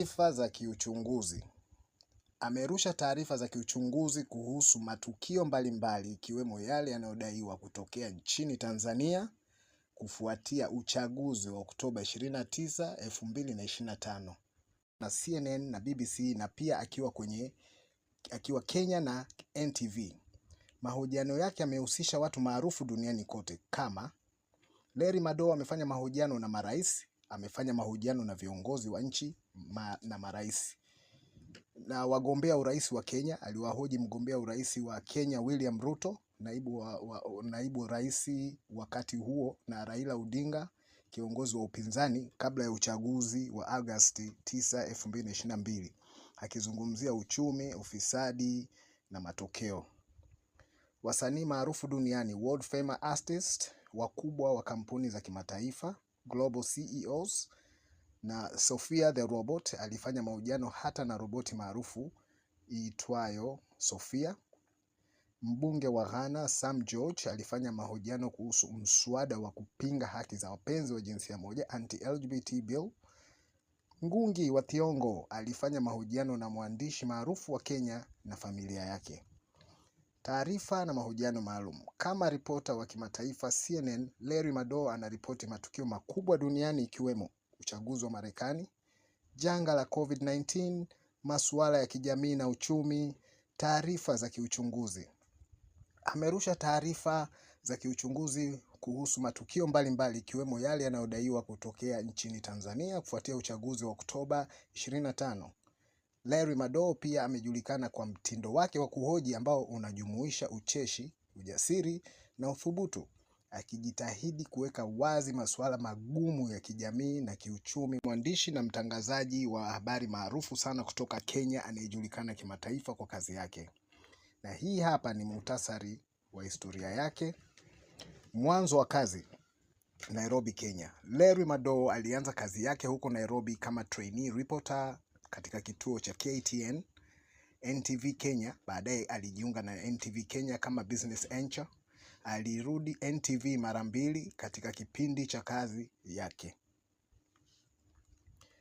Taarifa za kiuchunguzi. Amerusha taarifa za kiuchunguzi kuhusu matukio mbalimbali ikiwemo yale yanayodaiwa kutokea nchini Tanzania kufuatia uchaguzi wa Oktoba 29, 2025 na CNN na BBC na pia akiwa kwenye akiwa Kenya na NTV. Mahojiano yake yamehusisha watu maarufu duniani kote kama Larry Madowo amefanya mahojiano na marais, amefanya mahojiano na viongozi wa nchi ma, na marais na wagombea urais wa Kenya. Aliwahoji mgombea urais wa Kenya William Ruto, naibu, wa, wa, naibu rais wakati huo na Raila Odinga kiongozi wa upinzani kabla ya uchaguzi wa Agosti 9, 2022 akizungumzia uchumi, ufisadi na matokeo. Wasanii maarufu duniani world famous artists, wakubwa wa kampuni za kimataifa Global CEOs na Sophia the Robot alifanya mahojiano hata na roboti maarufu iitwayo Sofia. Mbunge wa Ghana Sam George alifanya mahojiano kuhusu mswada wa kupinga haki za wapenzi wa jinsia moja anti-LGBT bill. Ngungi wa Thiong'o alifanya mahojiano na mwandishi maarufu wa Kenya na familia yake. Taarifa na mahojiano maalum. Kama ripota wa kimataifa CNN, Larry Madowo anaripoti matukio makubwa duniani ikiwemo uchaguzi wa Marekani, janga la COVID-19, masuala ya kijamii na uchumi, taarifa za kiuchunguzi. Amerusha taarifa za kiuchunguzi kuhusu matukio mbalimbali ikiwemo yale yanayodaiwa kutokea nchini Tanzania kufuatia uchaguzi wa Oktoba 25 Larry Madowo pia amejulikana kwa mtindo wake wa kuhoji ambao unajumuisha ucheshi, ujasiri na uthubutu, akijitahidi kuweka wazi masuala magumu ya kijamii na kiuchumi. Mwandishi na mtangazaji wa habari maarufu sana kutoka Kenya anayejulikana kimataifa kwa kazi yake. Na hii hapa ni muhtasari wa historia yake. Mwanzo wa kazi Nairobi, Kenya. Larry Madowo alianza kazi yake huko Nairobi kama trainee reporter katika kituo cha KTN, NTV Kenya. Baadaye alijiunga na NTV Kenya kama business anchor. Alirudi NTV mara mbili katika kipindi cha kazi yake.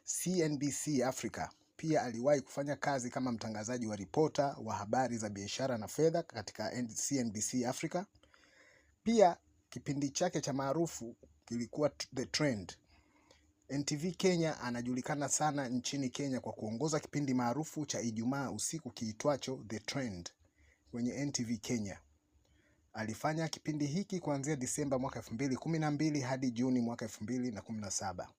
CNBC Africa pia aliwahi kufanya kazi kama mtangazaji wa ripota wa habari za biashara na fedha katika CNBC Africa. Pia kipindi chake cha maarufu kilikuwa The Trend NTV Kenya anajulikana sana nchini Kenya kwa kuongoza kipindi maarufu cha Ijumaa usiku kiitwacho The Trend kwenye NTV Kenya. Alifanya kipindi hiki kuanzia Disemba mwaka 2012 hadi Juni mwaka 2017.